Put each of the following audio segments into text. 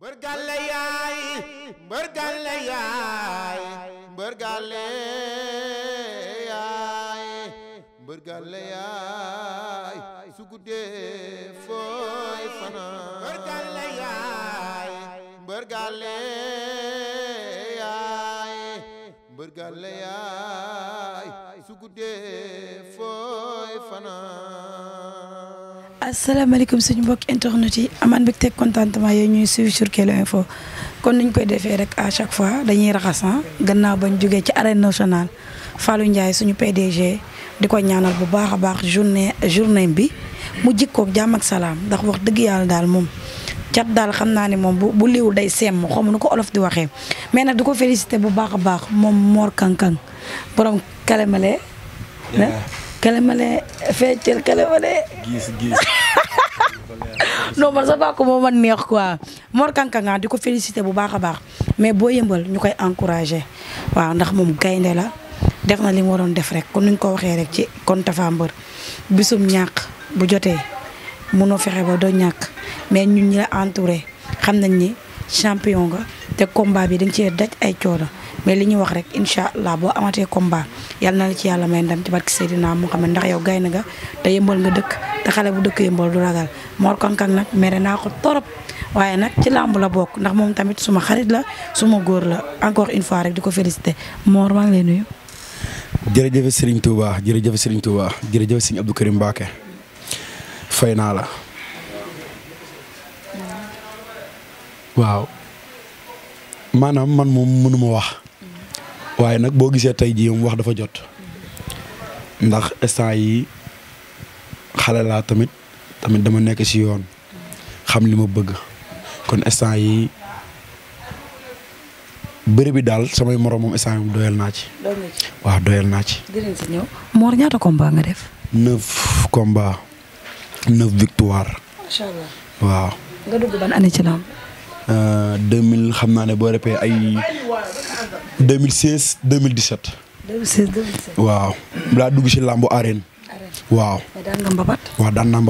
mbër gàlle yaay mbër gàlle yaay mbër gàlle yaay mbër gàlle fooy fanaan mbër gàlle yaay mbër gàlle yaay asalaamaaleykum suñu mbokk internet yi amaan bi teg contentement yooyu ñuy suivre sur Kelo foo kon nañ koy defee rek à chaque fois dañuy raxasan ah, gannaaw bañ jógee ci arène national Fallou Ndiaye suñu PDG di ko ñaanal bu baax a baax journée journée bi mu jikkoog jàmm ak salaam ndax wax dëgg yàlla daal moom cat daal xam naa ne moom bu bu liwul day semm xamu nu ko olof di waxee mais nag di ko félicité bu baax a baax moom moor kankan borom kalemale ah, kalemale feccel non man sa bàkk moo man neex quoi Mor Kankanga di ko félicité bu baax a baax mais boo yëmbal ñu koy encourager waaw ndax moom gaynde la def na li mu waroon def rek kon ñu ko waxee rek ci kon Tapha Mbeur bisum ñàkk bu jotee mënoo fexe ba doo ñàkk mais ñun ñi la entouré xam nañ ni champion nga te combat bi dañ cee daj ay coono mais li ñu wax rek incha allah boo amatee combat yàlla na la ci yàlla may ndam ci barki Seydina ne ndax yow gaynde nga te yëmbal nga dëkk te xale bu dëkk yëmbal du ragal Mor Kang nag mere naa ko torop waaye nag ci làmb la bokk ndax moom tamit suma xarit la suma góor la encore une fois rek di ko félicité Mor maa ngi lay nuyu. jërëjëf Serigne Touba jërëjëf Serigne Touba jërëjëf Serigne Abdou Karim Mbacké fay naa la. waaw maanaam man moom mënuma wax. waaye nag boo gisee tey jii wax dafa jot ndax instant yi xale laa tamit tamit dama nekk ci yoon xam li ma bëgg kon instant yi bëri bi daal samay moroom instant yi doyal naa ci. waaw doyal naa ci. dinañ si ñaata combat nga def. neuf combat neuf victoire. waaw. 2000 euh, xam naa ne boo répee ay 2016 2017. 2016 2017. waaw laa dugg ci làmbu arène. waaw. daan nga mbabat. waaw daan naa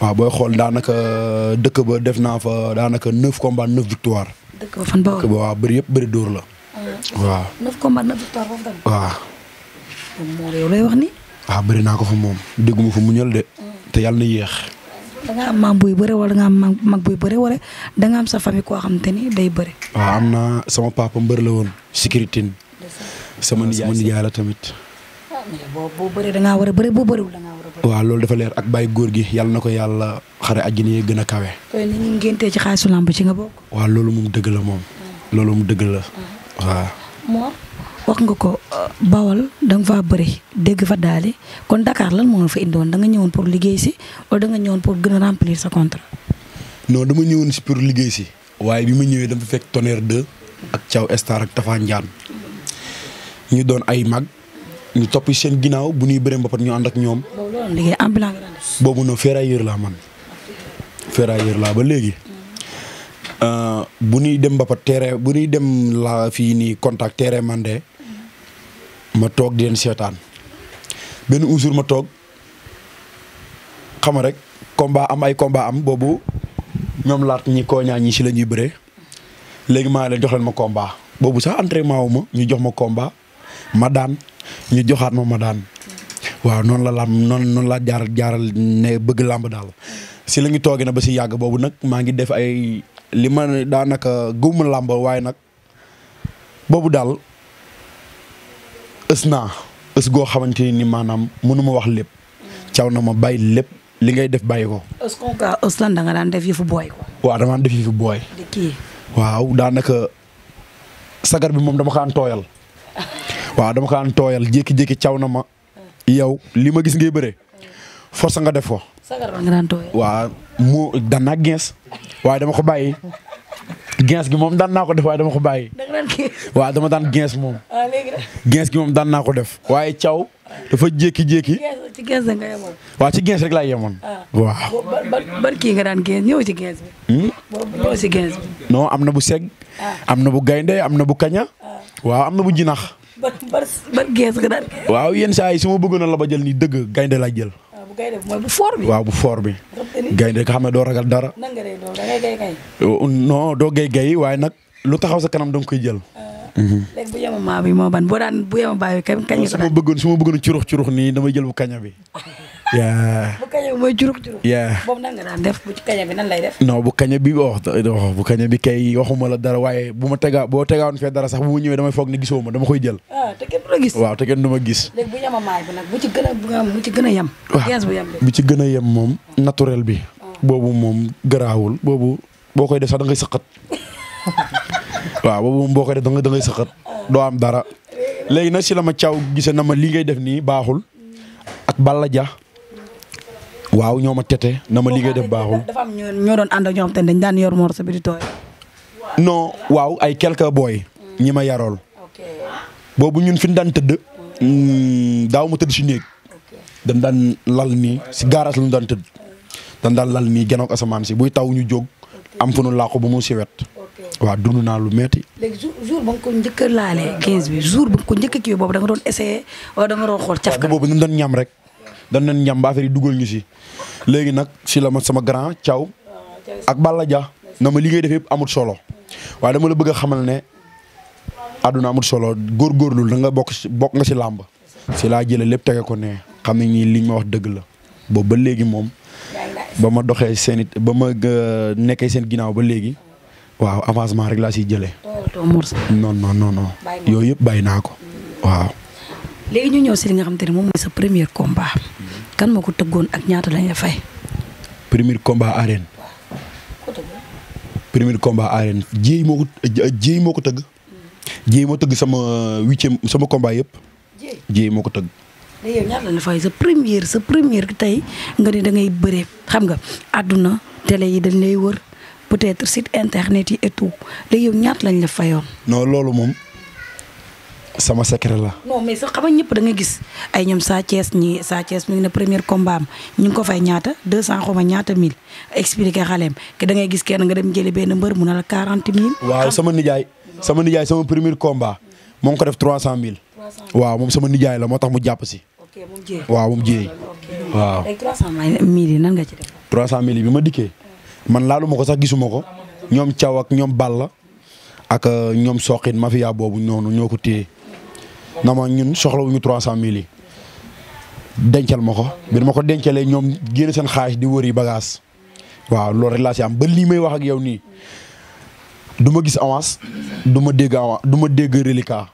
waaw booy xool daanaka euh, dëkk ba def naa fa daanaka neuf combats neuf victoire. dëkk ba waaw waaw bëri yëpp bëri dóor la. Ah. waaw waaw. moom ah, naa ko fa moom dégguma fa mu ñël de. Ah. te yàlla na yéex. da nga am maam buy bëre wala da nga am mag buy bëre wala da am sa famille koo xamante ni day bëre. waaw am na sama papa mbër la woon sécurité. sama nijaay la tamit. Ah, boo boo bëree da war a boo bëriwul da loolu dafa leer ak bàyyi góor gi yàlla na ko yàlla xare àjjana yi gën a kawe. ni ñu ngéntee ci xaalisu ci nga bokk. waaw loolu moom dëgg la moom. Ah. loolu moom dëgg la ah. waaw. wax nga ko euh, Bawol da nga faa bëri dégg fa daali kon Dakar lan moo fa indoon danga nga ñëwoon pour liggéey si da nga ñëwoon pour gën a remplir sa contrat. dama ñëwoon si pour liggéey si. waaye bi ma ñëwee dama fekk Tonnerre 2 ak Thiaw Star ak Tafa Ndiane ñu doon ay mag ñu topp seen ginnaaw bu ñuy bëree mbapat ñu ànd ak ñoom. boobu loolu liggéey ambulant boobu noonu ferrailleur laa man ferrailleur laa ba léegi. Euh, bu ñuy dem mbapat terrain bu ñuy dem laa fii nii contact terrain mandé. ma toog di leen seetaan benn un ma toog xam rek combat am ay combat am boobu ñoom laat ñi kooñaa ñi si lañuy ñuy léegi maa leen jox leen ma combat boobu sax entraînement wu ñu jox ma komba ma daan ñu joxaat ma ma daan waaw noonu la làmb noonu noonu laa jaaral jaaral ne bëgg làmb daal si la ñu na ba si yàgg boobu nag maa ngi def ay li ma daanaka gëmuma làmb waaye nag boobu daal. ës naa goo xamante ni maanaam mënu wax lépp. caw na ma bàyyi lépp li ngay def bàyyi ko. ës kooku da nga daan def yëfu booy. waaw dama def yëfu booy. di waaw daanaka sagar bi moom dama ko daan tooyal. waaw dama ko daan tooyal jékki-jékki caw na ma. yow li ma gis ngay bëre. force nga def ko. sagar nga daan tooyal. waaw mu daan naa waaye dama ko bàyyi. gens gi moom daan naa ko def waaye dama ko bàyyi. waa dama daan gens moom. Ah, gens gi moom daan naa ko def. waaye caw dafa jékki-jékki. ci gens nga yemoon. ci gens rek laa yemoon. Ah. waa ban kii nga daan gens ñëw ci gens bi. Hmm? ñëw ci am na bu seg. Ah. am na bu gaynde am na bu kaña. waaw am na bu jinax. ban ban gens waaw yenn saa yi su ma bëggoon a la ba jël nii dëgg gaynde laa jël. gaynde mooy bu fort bi. waaw bu fort bi. gaynde nga xam ne doo ragal dara. nan nga gay euh, doo gay gay waaye nag lu taxaw sa kanam danga koy jël. Ah, léegi bu ban boo daan bu yemamaay bi kañ. kañ su ma bëggoon su ma bëggoon curux curux nii damay jël bu kaña bi. yaa. bu kaña bi mooy jurug jurug. bu kaña bi nan lay kay waxuma la dara waaye bu ma tegaa boo tegaawoon fee dara sax bu mu ñëwee damay foog ne gisoo ma dama koy jël. ah te kenn bu ci gën a bu bu ci gën a yem moom naturel bi. Ah. boobu moom garaawul boobu boo koy def sax da sëqat waaw boobu moom boo koy def da sëqat ah. doo am dara léegi nag si la ma caaw gisee na ma li ngay def nii baaxul ak Balla ja waaw ñoo ma tete na ma liggéey def baaxul. dafa am ñoo doon ànd ak ñoom te dañ daan yor morso bi di tooy. non waaw ay quelques booy. ñi ma yarool. boobu ñun fi ñu daan tëdd. Mm, daaw ma tëdd si néeg. dañ daan lal nii si gaaraas lañu daan tëdd. dañ daan lal nii genn asamaan si buy taw ñu jóg. am fu nu làqu bu mu si wet. waaw dund naa lu metti léegi jour jour ba nga ko njëkk a bi jour ba nga ko njëkk a kii boobu da doon essayé wala da nga doon xool caf. boobu ñu doon ñam rek. dañ leen ñam ba affaire yi dugal ñu si léegi nag si la ma sama grand Thiaw ak Balla ja nga ma liggéey def yëpp amut solo waa dama la bëgg xamal ne àdduna amut solo góorgóorlu da nga bokk si bokk nga si làmb si laa jëlee lépp tege ko ne xam ne ñii liñ ma wax dëgg la boobu ba léegi moom ba ma doxee seen it ba ma euh, nekkee seen ginnaaw ba léegi waaw avancement rek laa siy jëlee non non non non yooyu yëpp bàyyi naa ko waaw léegi ñu ñëw si li nga xamante ne moom mooy sa premier combat. kan moo ko tëggoon ak ñaata lañ la fay. premier combat arène. premier combat arène jéey moo ko moo ko tëgg. jéey moo tëgg sama huitième sama combat yëpp. jéey moo ko tëgg. léegi sa première sa première tey nga ni da ngay bëree xam nga àdduna télé yi dañ lay wër peut-être site internet yi et tout léegi yow ñaata lañ la fayoon. non loolu moom. sama secret la. mais sax xam nga ñëpp da nga gis ay ñoom Sa Thiès ñi Sa ngi ne première combat am ñu ngi ko fay ñaata 200 xaw ma ñaata mille expliqué xaleem que da ngay gis kenn nga dem jëli benn mbër mu ne la 40 mille. waaw sama nijaay sama nijaay sama premier combat moo ngi ko def 300 mille. 300 waaw moom sama nijaay la moo tax mu jàpp si. waaw moom jiyee waaw. léegi 300 yi nan nga ci def. 300 mille bi ma dikkee man laalu ma ko sax gisuma ko ñoom Thiaw ak ñoom Balla ak euh, ñoom Soxin mafia boobu noonu ñoo ko téye. na ma ñun soxlawuñu trois cent mille yi dencal ma ko bir ma ko dencalee ñoom génn seen xaalis di wëri bagage waaw loolu rek laa si am ba lii may wax ak yow nii du ma gis avance du ma dégg avance du ma dégg reliquat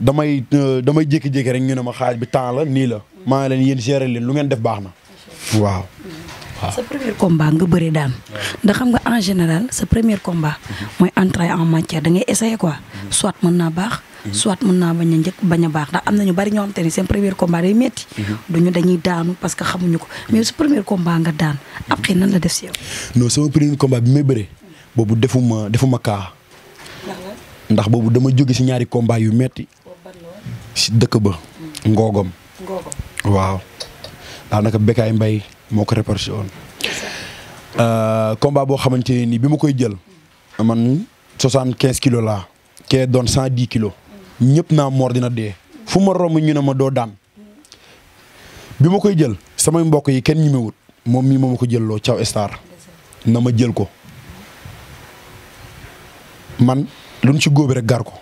damay euh, damay jékki-jékki rek ñu ne ma xaalis bi temps la nii la maa ngi leen yéen gérer leen lu ngeen def baax na waaw sa premier combat nga bëri daan ndax xam nga en général sa première combat mooy entrée en matière da ngay essayer quoi soit mën naa baax soit mën naa bañ a njëkk bañ a baax ndax am na ñu bari ñoo xam te ni seen premier combat day metti duñu dañuy daanu parce que xamuñu ko mais su premier combat nga daan après nan la def si yow. non sama premier combat bi may bëre boobu defuma defuma kaa ndax boobu dama jóge si ñaari combat yu metti dëkk ba ngoogom waaw daanaka Bécaye Mbaye moo ko répercuté woon. Euh, combat boo xamante nii bi ma koy jël. man soixante quinze kilos la kee doon cent dix kilos. ñëpp naa moor dina dee. fu ma romb ñu ne ma doo daan. bi ma koy jël sama mbokk yi kenn ñemewut moom mii moo ma ko jëlloo Thiaw Star na ma jël ko man lu ñu ci góobi rek gar ko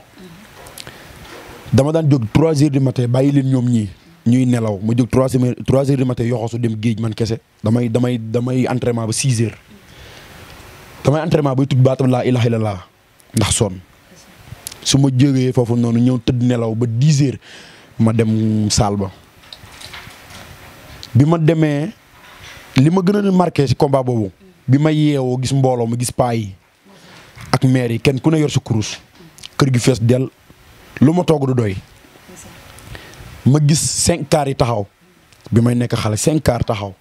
dama daan jóg trois heures du matin bàyyi leen ñoom ñii. ñuy nelaw ma jóg trois heures trois heures du matin yoxosu dem géej man kese damay damay damay entraînement ba six heures damay entraînement bay tudd baatam laa ilaha laa ndax sonn su ma jógee foofu noonu ñëw tëdd nelaw ba dix heures ma dem saal ba bi ma demee li ma gën a marqué ci combat boobu bi ma yeewoo gis mbooloo ma gis paa yi ak maire yi kenn ku ne yor sa kurus kër gi fees dell lu ma togg du doy ma gis cinq cars yi taxaw bi may nekk xale cinq cars taxaw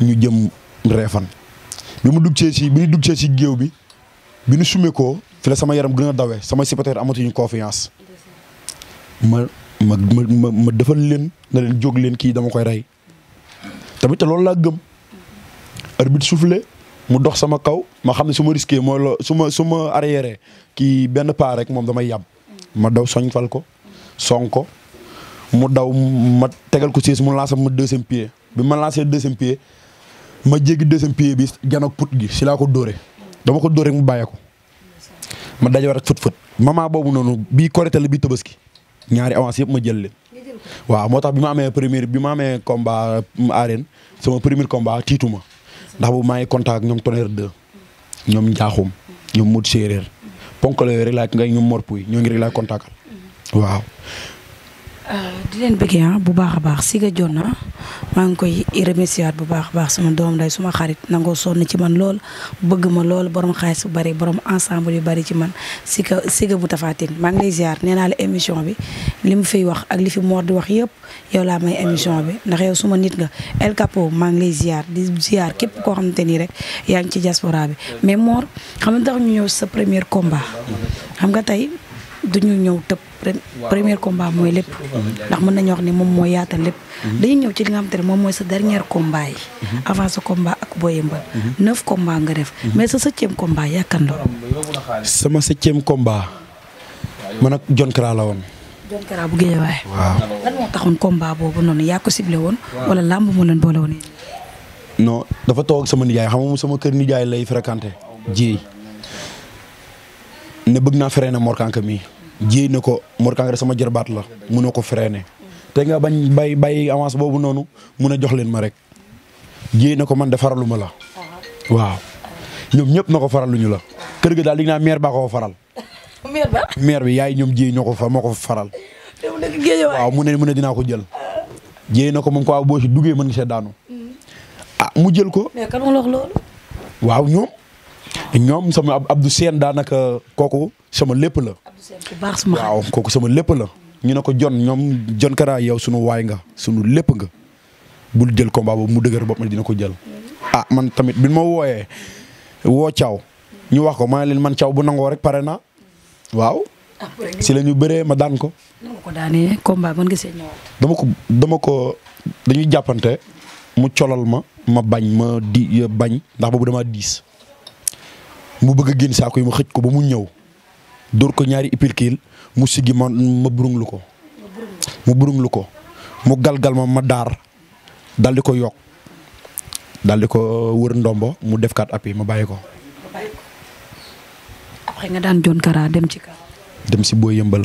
ñu jëm reefan bi mu dugg si bi ñu dugg si géew bi bi nu sumé file sama yaram gën a dawee sama supporter amatuñu confiance ma ma ma defal leen na leen jóg leen kii dama koy rey tamit te loolu laa gëm arbitre soufflé mu dox sama kaw ma xam ne su ma risqué mooy loo su ma su kii benn pas rek moom damay yàb ma daw soñ fal ko son mu daw ma tegal ko siis mu lancer ma deuxième pied bi ma lancer deuxième ma jéggi deuxième pied bi janoog put gi si laa ko dóore dama ko dóore mu bàyyee ko ma daje war ak fët fët maman boobu noonu bii korite la bi tabaski ñaari avance yëpp ma jël leen waaw moo tax bi ma amee premier bi ma amee combat mm, arène sama premier combat tiitu ma ndax bu maa ngi contact ñoom tonnerre 2 ñoom njaaxum ñoom mut séeréer ponkalo yooyu rek laa ngay ñoom morpuy ñoo ngi rek la contactal mm-hmm. waaw Euh, di leen bëggee ah bu baax a baax Siga Dione na maa ngi koy remercier bu baax a baax suma doom day suma xarit nangoo sonn ci man lool bëgg ma lool borom xaalis bu bari borom ensemble yu bari ci man Siga Siga bu tafaatin maa ngi lay ziar nee naa émission bi li mu wax ak li fi Mor di wax yëpp yow laa may émission bi ndax yow suma nit nga El Capo maa ngi lay ziar di ziar képp koo xamante ni rek yaa ngi ci diaspora bi mais Mor xam nga tax ñu xam nga tey. duñu ñëw tëb premier combat mooy lépp ndax mën nañu wax ni moom mooy yaata lépp mhm. dañuy ñëw ci li nga xam te ne moom mooy sa dernier combat yi mhm. avant sa combat ak Boy Yeumbeul mhm. neuf combat nga def mais sa septième combat yàkkan la sama septième combat man ak John Kara la woon John bu géej waaye waaw lan moo taxoon combat boobu noonu yaa ko ciblé woon wala làmb moo leen boole woon non dafa toog sama nijaay xam nga sama kër nijaay lay fréquenté ji ne bëgg naa freiné na Kanka mii jéey na ko Mor Kangre sama jërbaat la mënoo ko freiné te nga bañ bay bàyyi avance boobu noonu mun a jox leen ma rek jéey na ko man de faraluma la waaw ñëpp na ko faraluñu la kër ga daal li naa maire faral. maire bi yaay ñoom jéey ko ko faral. waaw mu ne mu ne dinaa ko jël. jéey na ko moom quoi boo si duggee man nga see daanu. ah mu jël ko. mais kan wax loolu. waaw ñoom. ñoom sama Abdou Seen daanaka kooku sama lépp la. waaw kooku sama lépp la ñu ne ko jon ñoom jon Kara yow sunu waay nga sunu lépp nga bul jël combat boobu mu dëgër bopp na dina ko jël ah man tamit bi ma wooyee woo Thiaw ñu wax ko ma ne leen man Thiaw bu nangoo rek pare na waaw ah, si lañu ñu bëree ma daan ko dama ko dama ko dañuy jàppante mu colal ma ma bañ ma di ndax boobu damaa diis mu bëgg a génn saako yi ma xëj ko ba mu ñëw dóor ko ñaari ipilkiil mu siggi ma ma burunglu ko mu burunglu ko mu galgal ma ma daar daldi ko yokk dal ko uh, wër ndombo mu def kat appui ma bàyyi ko après si boo yëmbal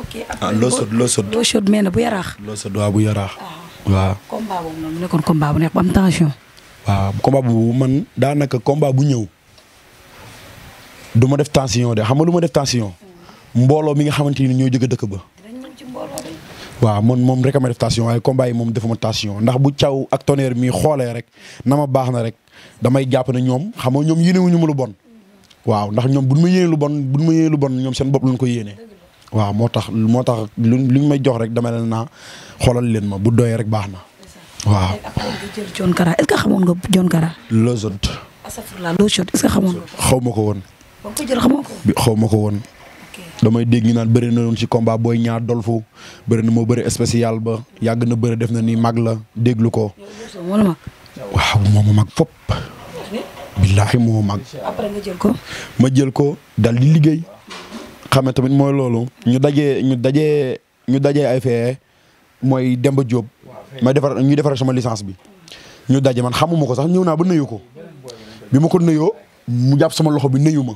ok ah loo sot loo sot loo bu yaraax loo sot waaw bu yaraax ah. waaw combat boobu bu neex bu am tension waaw daanaka combat bu ñëw du ma def tension de xam nga lu ma def tension mbooloo mi nga xamante ni ñoo jóge dëkk ba. waaw man moom rek a ma def tension waaye combat yi moom defuma tension ndax bu caw ak tonnerre mi xoolee rek na ma baax na rek damay jàpp ne ñoom xam nga ñoom yéenewuñu ma lu bon. waaw ndax ñoom buñ ma yéene lu bon buñ ma yéene lu ñoom seen bopp lañ ko yéene. waaw moo tax moo tax lu ñu may jox rek dama leen naa xoolal leen ma bu doyee rek baax na. waaw Jon Kara est que xamoon nga Jon Kara. Lozot. asafurla Lozot est-ce que xamoon nga. xaw ma ko woon. ba ko xaw ma ko woon. damay dégg ñu naan bëri na si komba booy ñaar dolfu bëri na moo bari spécial ba yàgg na bëri def na nii mag la déglu ko. waaw moom mag fop. billaahi moo mag. ko. ma jël ko dal di liggéey. xam tamit mooy loolu. ñu daje ñu daje ñu dajee ay fee mooy Demba Diop. may defar ñu defar sama licence bi. ñu daje man xamuma ko sax ñëw naa ba nuyu ko. bi ma ko nuyoo mu jàpp sama loxo bi nuyu ma.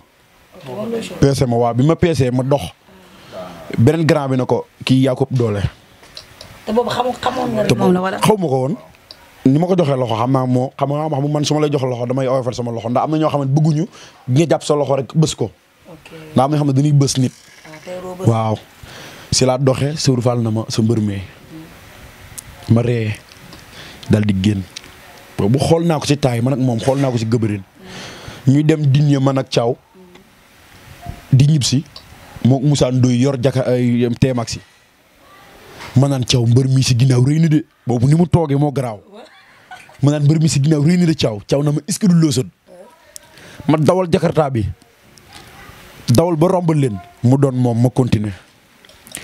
peese ma waaw bi ma peesee ma dox beneen grand bi na ko kii yaa doole. te boobu xamu xamoon la wala xaw ma ko woon. ni ma ko joxee loxo xam naa moo xam nga xam man su ma lay loxo damay oyofal loxo ndax am na ñoo xam ne bëgguñu nga jàpp sa loxo rek bës ko. ndax am na dañuy bës nit. Ah, waaw si laa doxee Sow Fall na ma sa mbër mi ma ree dal di génn boobu xool naa ko si taay man ak moom xool naa ko si gëbërin ñuy dem diñe man ak caaw di ñibbisi si moom Moussa yor jaka ay teemax si ma naan caw mbër mi si ginnaaw rëy na de boobu ni mu toogee moo garaaw ma naan mbër mi si ginnaaw rëy de caw caw na ma est-ce du loosoon ma dawal jakarta bi dawal ba rombal leen mu doon moom ma continuer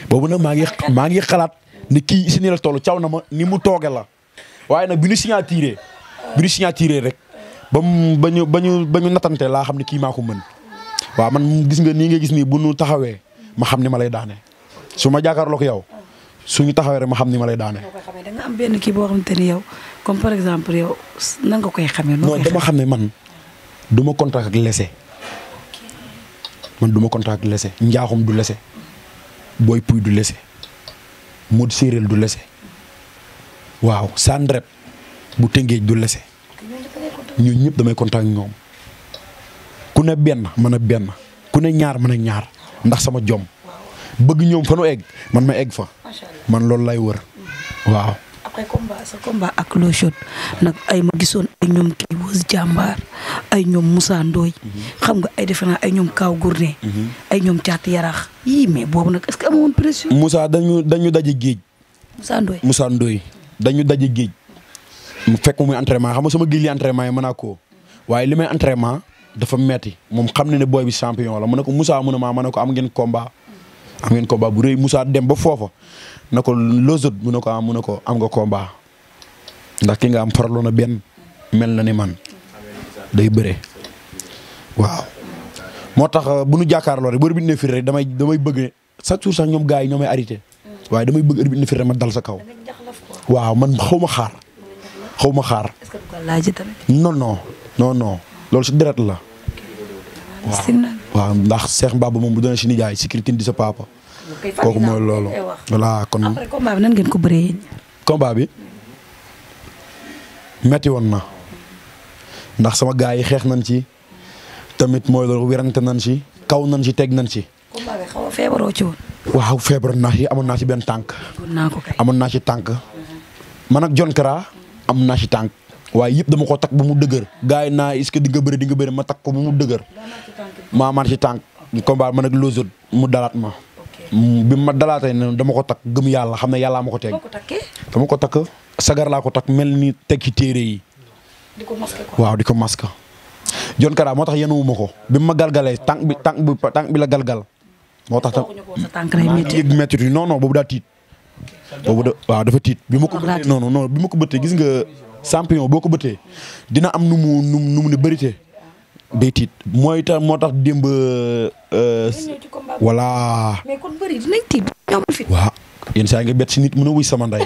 boobu nag maa ngi maa ngi xalaat ne kii si la toll caw na ma ni mu tooge la waaye nag bi ñu signaturé bi ñu signaturé rek ba mu ba ñu ba ñu ba natante laa xam ne kii maa ko mën. waaw man gis nga nii nga gis nii bu nu taxawee ma xam ni ma lay daane su ma jàkkaarloog yow suñu taxawee rek ma xam ni ma lay daane. da boo xamante ni yow comme par exemple yow nan nga koy xamee. non dama xam ne man du ma contact ak lese man du ma contact ak lese njaaxum du lese booy puy du lese mod séeréel du lese waaw sandrep bu tëngéej du lese ñun ñëpp damay contact ñoom. ne benn mën a benn ku ne ñaar mën ñaar ndax sama jom bëgg ñoom fa nu man ma egg fa man loolu lay wër mhm. waaw. après combat sa combat ak Lo Jot nag ay ma ay ñoom kii mhm. xam nga ay defe ay ñoom Kaaw Gourné mhm. ay ñoom Caat Yarax mais boobu nag est-ce que amoon pression. dañu dañu daje géej. Moussa Ndoye Moussa Ndoye dañu daje géej. mu fekk muy xam nga sama géej li entraînement yi mën koo waaye li may entraînement. dafa metti moom xam na ne booy bi champion la mu ne ko Moussa mu ne maa ma ne ko am ngeen combat am ngeen combat bu rëy Moussa dem ba foofa na ko lozot mu ne ko am ah, mu ne ko am nga combat ndax ki nga am faraloon na benn mel na ne man day bëre waaw moo tax uh, bu nu jàkkaarloo rek bu arbitre ne firi rek damay damay bëgg chaque jour sax ñoom gaa yi ñoo may arrêté waaye damay bëgg arbitre ne firi rek ma dal sa kaw waaw man xaw ma xaar ma xaar non non non non loolu si deret la. waaw ndax Cheikh Mbaba moom bu doon si nijaay si kirtin di sa papa. kooku mooy loolu. voilà kon après ko bëree yéen. bi metti woon na ndax sama gaa yi xeex nañ ci tamit mooy loolu werante nañ ci kaw nañ ci teg nañ ci. combat bi xaw a feebaroo naa ci amoon naa ci benn tànk. amoon naa ci tànk. man ak John Kara am naa ci tànk. waaye yëpp dama ko takk ba mu dëgër gars yi naa est-ce que di nga bëri di ma takk ko ba mu dëgër maa mar ci tànk combat ma nag losot mu dalaat ma bi ma dama ko takk gëm yàlla xam ne yàllaa ma ko teg dama ko takk sagar laa ko takk mel ni teg ci téere yi waaw di ko maska John Kara moo tax yenuwuma ko bi ma galgalee tànk bi tànk bi la galgal moo tax tam yëg métti bi ma ko bëttee gis nga champion boo ko bëtee dina am nu mu nu mu nu mu ne bëritee day tiit mooy tax moo tax démb. Euh, voilà. mais kon bëri dinañ yenn saa nga bett si nit mën a wuy sama ndey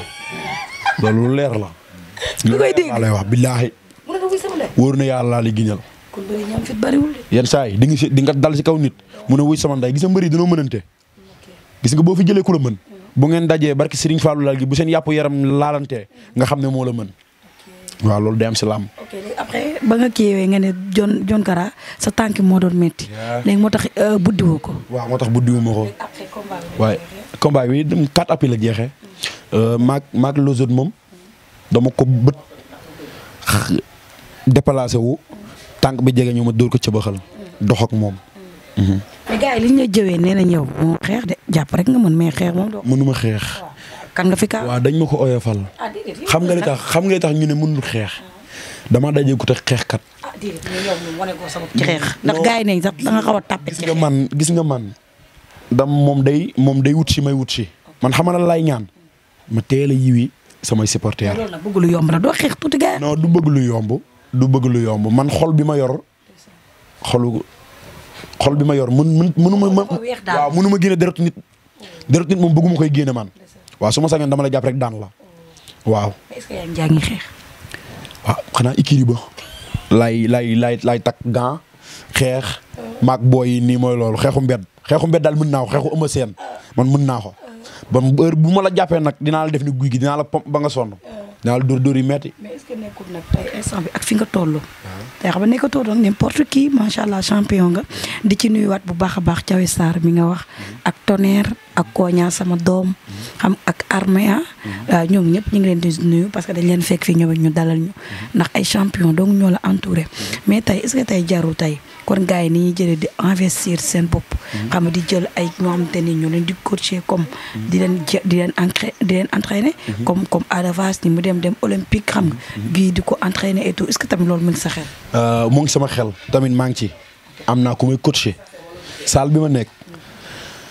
loolu leer la. lu koy dégg lay wax billaahi. mën na yàlla laa li giñal. kon bëri ñoom fit yenn saa di nga si di nga dal si kaw nit mën a wuy sama ndey gis nga mbëri dañoo mënante. gis nga boo fi jëlee ku la mën. bu ngeen dajee barki Serigne Fallou laal gi bu seen yàpp yaram laalante nga xam ne moo la mën. waaw loolu de am si làmb. ok léegi après ba nga kiiwee nga ne John John Kara sa tànk moo doon métti. léegi moo tax euh, buddiwoo ko. waaw moo tax buddiwuma ko. waaye combat bi dem quatre appels la jeexe euh, maag maag lozot moom. dama ko bët déplacé wu. tànk bi jege ñoo ma dóor ko ca baxal dox ak moom. mais gars yi li ñu jëwee nee nañ yow moo xeex de jàpp rek nga mën mais xeex moom. mënuma xeex. kan nga fi dañ ma ko oyofal. Ah, xam nga li tax xam tax ñu ne mënul xeex. dama daje ku tax xeexkat. ah déedéet mais ndax gars yi nañ sax da nga xaw gis nga man gis nga man. dam moom day moom day wut si may wut si. man xamal la lay ñaan. ma teel a yiwi samay supporters. loolu nag bëgg lu yomb doo xeex tuuti gars non du bëgg lu yomb. du bëgg lu yomb man xol bi ma yor. xolu xol bi ma yor mën mën mënu ma. waaw mënu ma génne deret nit. deret nit moom bëgguma koy génne man. waaw su ma sañoon dama la jàpp rek daan la waaw. est-ce que xanaa ikiri lay lay lay takk gan xeex. Euh. maag booy yi nii mooy loolu xeexu mbedd xeexu mbedd daal mën naa ko xeexu ëmb seen man mën naa ko euh. ba heure bu ma la jàppee nag dinaa la def ni guy gi dinaa la pomp ba nga sonn. Euh. naa la dur dur yi metti mais est-ce que nag tey instant bi ak fi nga toll. Ah. tey xam nga nekkatoo doon n'importe qui macha allah champion nga. di ci nuyuwaat bu baax a baax Thiaw saar mi nga wax. Mm-hmm. ak tonnerre ak koña sama doom. Mm-hmm. xam ak arméa. Ah. Mm-hmm. Ah, ñoom ñëpp ñu ngi leen di nuyu parce que dañ leen fekk fii ñëw ñu dalal ñu. ndax ay champion donc ñoo la entouré. mais tey est-ce tey jaru tey. kon gaa yi ni ñuy jëlee di investir seen bopp. Mhm. xam nga di jël ay ñoo xamante ni ñu leen di coacher comme. Mhm. di leen di leen encre di leen entraîner. Mhm. comme comme Adavas ni mu dem dem olympique xam nga. gii di ko entraîner et tout est-ce que tamit loolu mag ngi sa xel. Euh, mu sama xel tamit maa ngi ci am naa ku may coacher salle bi ma nekk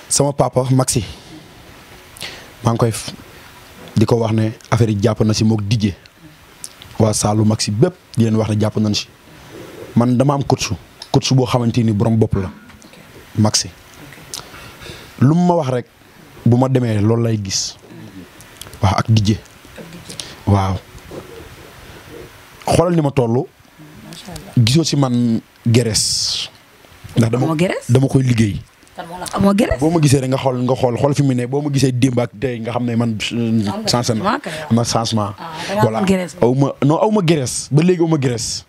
sama papa Maxi maa ngi koy di ko wax ne affaire yi jàpp na si moog dijje waa saalu Maxi bépp di leen wax ne jàpp nañ si man dama am coach. coach boo xamante ni borom bopp la Maxi lu mu ma wax rek bu ma demee loolu lay gis waaw ak dijje waaw xoolal ni ma toll gisoo si man gerees ndax dama dama koy liggéey boo ma gisee rek nga xool nga xool xool fi mu ne boo ma gisee démb ak tey nga xam ne man euh, changement ah, am na changement voilà aw ma non aw ma gerees ba léegi aw ma gerees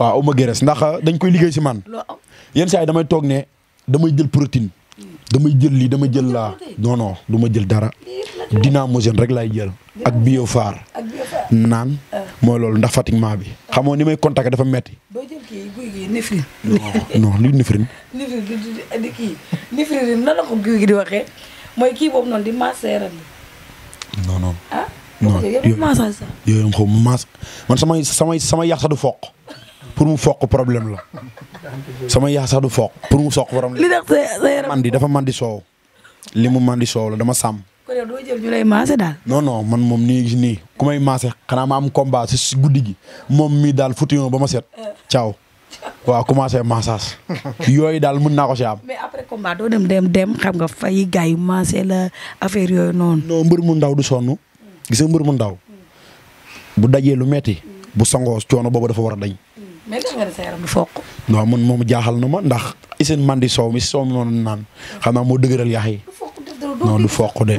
waaw uma gérés ndax dañ koy liggéey si man yenn saa yi damay toog ne damay jël protéine damay jël lii damay jël laa non duma jël dara dynamogène rek laay jël ak biofaar naan mooy loolu ndax fatiguement bi xamoo ni may contacté dafa metti doo jël yooyu yooyu xaw man sama yàq sax du foq pour mu foq problème la sama yaa du foq pour mu soq borom dafa man mu man la dama sàmm. kon yow ma am combat si mii daal futiyoo ba ma set. Euh. caaw waaw commencé massage yooyu daal mën na ko si am. dem dem xam nga fay gars yi la affaire yooyu noonu. non mbër mu ndaw du sonn gis nga mbër mu ndaw mm. bu dajee lu metti bu sangoo coono boobu dafa war a dañ. Mm. mais nga ne du foq. moom jaaxal na ma ndax isin man di soow mi soow mi noonu naan xam naa moo dëgëral yax yi. du foq de.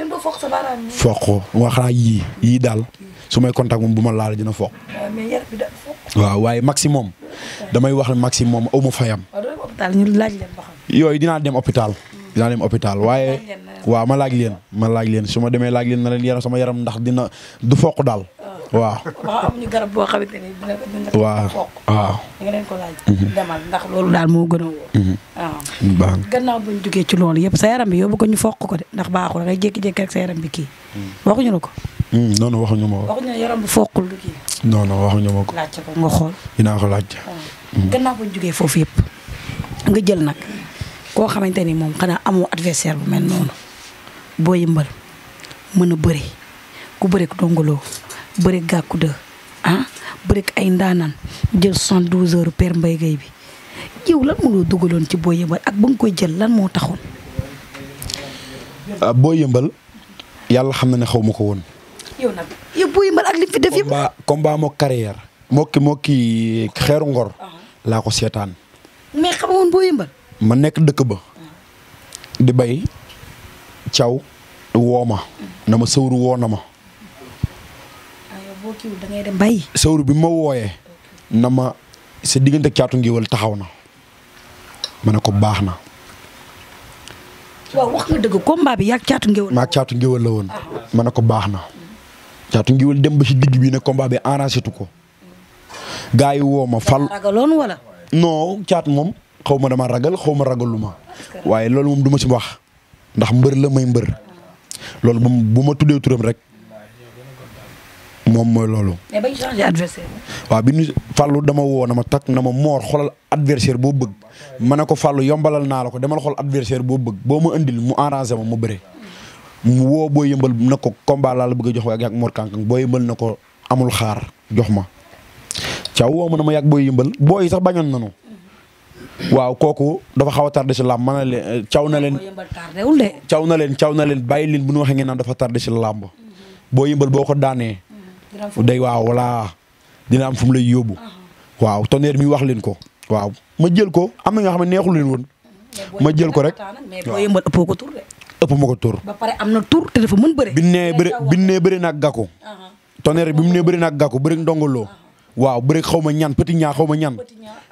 foq waa yii yii daal su may contact moom bu ma laal dina foq. mais yar bi daal foq. waaw waaye maximum damay wax ne maximum aw ma fayam. ñu laaj yooyu dinaa dem hopital dinaa dem hôpital waaye. waaw ma laaj leen ma laaj leen su ma demee laaj leen na leen yaram sama yaram ndax dina du foq daal. waaw. waaw amuñu garab boo xamante ni dina dina ko. waaw waaw di nga leen ko laaj. Mhm. demal ndax loolu daal moo gën a wóor. Mhm. waaw gannaaw bu ñu jugee ci loolu yëpp sa yaram bi yóbbu ko ñu foq ko de ndax baaxul ngay jékki-jékki rek sa yaram bi kii. Mhm. waxuñu la ko. non non waxuñu ma ko. waxuñu la yaram bu foqul du kii. non non waxuñu ma ko. laajte ko nga xool. dinaa ko laajte. gannaaw bu ñu jugee foofu yëpp nga jël nag koo xamante ni moom xanaa amoo adversaire bu mel noonu boo yëmbal mën a bëri ku bëri ku dongaloo bëri gàkku de ah ay ndaanaan jël soixante-douze heures Père bi yow lan moo la dugaloon ci Boy Yeumbeul ak ba nga koy jël lan moo taxoon. Ah, boo yëmbal yàlla xam na ne xaw ma ko woon. yow nag yow Boy ak li fi def yëpp. combat combat moo carrière. mokki mokki xeeru ngor. Ah. laa ko seetaan. mais xam woon Boy Yeumbeul. ma nekk dëkk ba. di bay caw wooma na ma sëwru woo na ma. boo kiiwul sawru bi ma wooyee na ma sa diggante caatu ngéwél taxaw na ma ne ko baax na. waaw wax nga dëgg combat bi caatu ngéwél. woon ma ne ko baax na. caatu ngéwél dem ba ci digg bii ne combat bi arrangé tu ko. gaa yi woo ma fal. ragaloon wala. caat moom xaw ma dama ragal xaw ma ragaluma waaye loolu moom duma ma ci wax ndax mbër la may mbër loolu bu ma tuddee turam rek moom mooy loolu. waaw bi ñu fàllu dama woo na ma takk na ma moor xoolal adversaire boo bëgg ma ne ko fàllu yombalal naa la ko demal xool adversaire boo bëgg boo ma indil mu arrangé ma mu bëre. mu woo boo yëmbal na ko combat bëgg a jox waaye ak Mor Kankang boo yëmbal na ko amul xaar jox ma. caaw woo ma na ma yàgg booy yëmbal booy yi sax bañoon nañu. waaw kooku dafa xawa a tardé si ma ne leen eh, caw na leen. caw na leen caw na leen bàyyi leen bu ñu waxee ngeen naan dafa tardé si làmb. boo yëmbal boo ko daanee. day waaw voilà dina am fu mu lay yóbbu. Uh-huh. waaw tonnerre mi wax leen ko. waaw ma jël ko am na nga xam ne neexul leen woon. ma jël ko rek mais boo yëmbal ëppoo ma ko tur. am na tur te dafa mën bëre. bi nee bëre bi nee bëre nag gàkku. Uh-huh. tonnerre bi mu nee bëre nag gàkku bëre ndongoloo. Uh-huh. waaw bëre xaw ma ñan petit ñaa xaw ma ñan.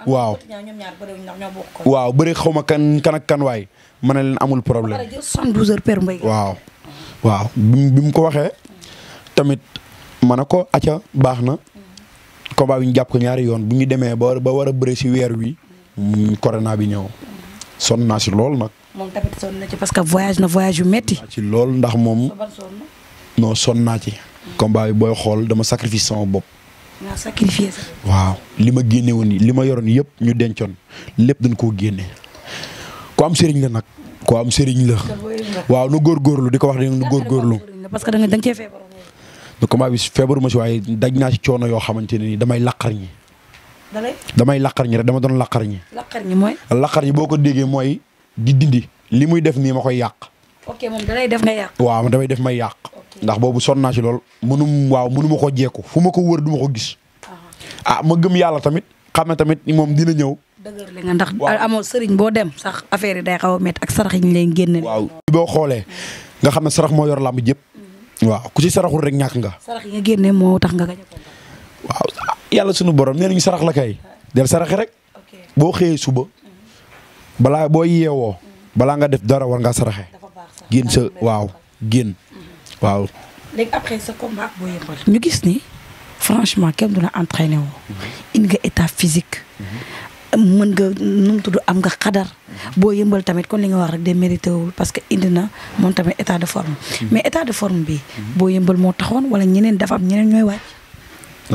waaw waaw xaw ma kan kan ak ma ne leen amul problème. waaw waaw ko waxee tamit. ma ne ko acca baax na combat bi ñu jàpp ko ñaari yoon bu ñu demee ba ba war a bëre si weer wi mm, corona bi ñëw sonn naa si lool nag. moom tamit sonn na ci parce que voyage na voyage yu metti ci lool ndax moom. non sonn naa ci. combat bi booy xool dama sacrifice sama bopp. nga sacrifice waaw li ma génne woon li ma yoroon yëpp ñu dencoon lépp dañ koo génne ku am sëriñ la nag. ku am sëriñ la. waaw nu góorgóorlu di ko wax ne nu góorgóorlu. parce que da nga cee feebar du combat bi feebaruma si waaye daj naa si coono yoo xamante ne nii damay laqar ñi. damay laqar ñi rek dama doon laqar ñi. laqar ñi mooy. laqar ñi boo ko déggee mooy di dindi li muy def nii ma koy yàq. def nga yàq. waaw damay def may yàq. ndax boobu sonn naa si lool mënum waaw mënuma ko jeeku fu ma ko wër du ma ko gis. Ah. ah ma gëm yàlla tamit xam ne tamit moom dina ñëw. dëgër li nga ndax. amoo sëriñ boo dem sax affaire yi day xaw a métti ak sarax yi ñu leen génne. waaw boo xoolee nga xam ne sarax moo yor làmb jëpp waaw ku ci saraxul rek ñàkk nga. sarax yi nga génne moo tax nga gañ waaw yàlla sunu borom nee nañu sarax la kay. del saraxe rek. boo xëyee suba. Mhm. balaa boo yeewoo. Mhm. balaa nga def dara war nga saraxe. génn sa waaw génn. Mhm. waaw. léegi après sa ñu gis ni franchement kenn du la woo. indi nga état physique. mën nga nu tudd am nga xadar boo yëmbal tamit kon li nga wax rek de mérité wul parce que indi na moom tamit état de forme hmm. mais état de forme bi hmm. boo yëmbal moo taxoon wala ñeneen dafa am ñeneen ñooy waaj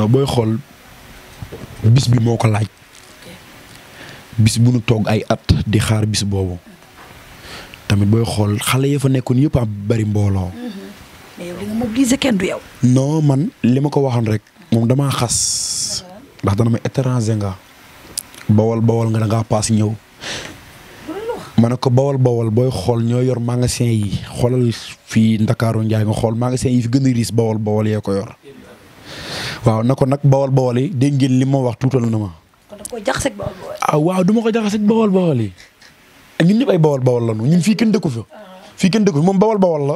booy xool bis bi moo ko laaj bis bu nu toog ay at di xaar bis boobu tamit booy xool xale ya fa nekkoon yëpp a bari mbooloo hmm. mais yow li man li ma ko waxoon rek moom damaa xas ndax dana ma étranger nga bawal bawal nga da ngaa paas ñëw ma ne ko bawal bawal booy xool ñoo yor magasin yi xoolal fi Ndakaaru Njaay nga xool magasin yi fi gën a riis bawal bawal yee ko yor waaw na ko nag bawal bawal yi dégg ngeen li ma wax tuutal na ma. kon da koo jaxase ak bawal bawal. ah waaw du ma ko jaxase ak bawal bawal yi ñun ñëpp ay bawal bawal la ñu fi fii dëkku ah. fi moom bawal bawal la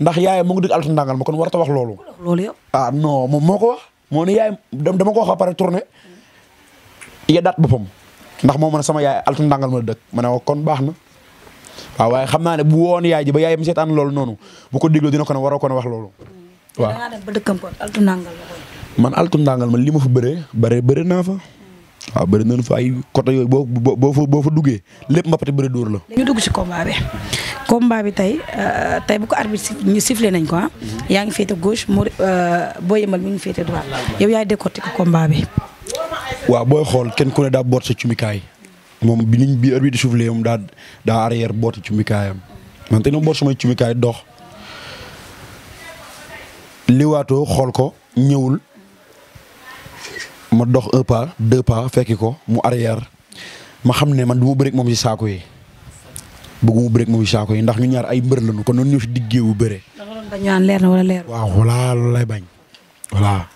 ndax yaayam mu ngi dëkk altu ndàngal ma kon warta wax loolu. loolu yow ah, moom moo ko wax moo ne yaayam dama ko wax ba yeddaat boppam ndax moo man a sama yaay altu ndàngal ma dëkk ma ne ko kon baax na waaw waaye xam naa ne bu woon yaay ji ba yaayam seetaan loolu noonu bu ko dégloo dina ko ne waroo ko ne wax loolu. Hmm. waaw da ngaa dem man altu ndangal man li ma fa bëree bëree bëri naa fa. Hmm. waaw bëri nañu fa ay côté yooyu boo boo fa boo fa duggee lépp mbappati bëri door la. ñu dugg si combat bi combat bi tey euh, tey bu ko arbitre ñu sifflé nañ ko ah. Hmm. yaa ngi féete gauche mu euh, boo yemal mi ngi féete droit yow yaay ko combat bi. waaw booy xool kenn ku ne daa boot sa cumikaay moom bi niñ bi heure bi di soufflé moom daa daa arrière boot cumikaayam man te na boot samay cumikaay dox liwaatoo xool ko ñëwul ma dox un pas deux pas fekki ko mu arrière ma xam ne man du ma bëreeg moom si saako yi bëgguma bëreeg moom si saako yi ndax ñu ñaar ay mbër lañu kon noonu ñëw si diggee bu bëre. dañu leer na waaw voilà lay bañ voilà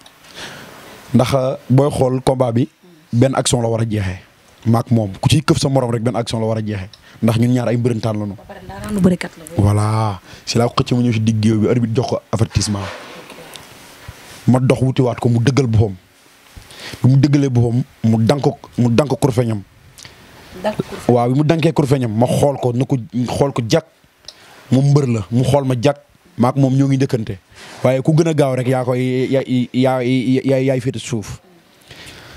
ndax booy xool combat bi. benn action la war a jeexee maak moom ku ciy këf sa moroom rek benn action la war a jeexee ndax ñun ñaar ay mbërëntaan lañu. ba pare voilà si laa ko xëcc mu ñëw si digg géew bi jox ko avertissement ma dox wutiwaat ko mu dëggal boppam bi mu dëggalee boppam mu dank mu dank kurfeñam. waaw mu dankee kurfeñam ma xool ko na ko xool ko jàkk mu mbër la mu xool ma jàkk maak moom ñoo ngi njëkkante waaye ku gën a gaaw rek yaa koy yaa yaa yaay féete suuf.